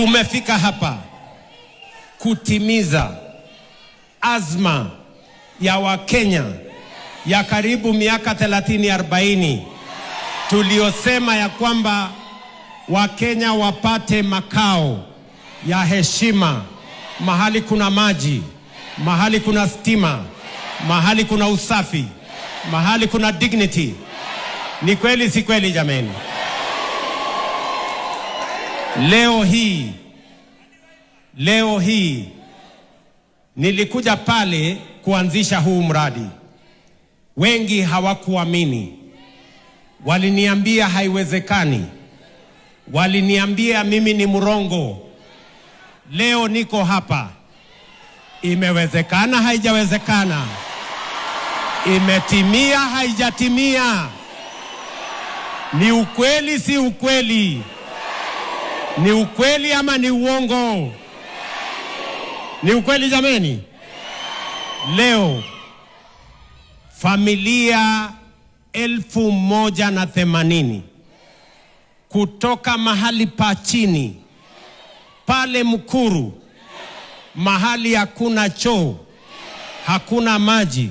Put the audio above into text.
Tumefika hapa kutimiza azma ya Wakenya ya karibu miaka 30 40 tuliosema ya kwamba Wakenya wapate makao ya heshima, mahali kuna maji, mahali kuna stima, mahali kuna usafi, mahali kuna dignity. Ni kweli si kweli jameni? Leo hii leo hii nilikuja pale kuanzisha huu mradi, wengi hawakuamini, waliniambia haiwezekani, waliniambia mimi ni mrongo. Leo niko hapa, imewezekana, haijawezekana, imetimia, haijatimia, ni ukweli, si ukweli? Ni ukweli ama ni uongo? Ni ukweli jameni. Leo familia elfu moja na themanini kutoka mahali pa chini pale Mkuru, mahali hakuna choo, hakuna maji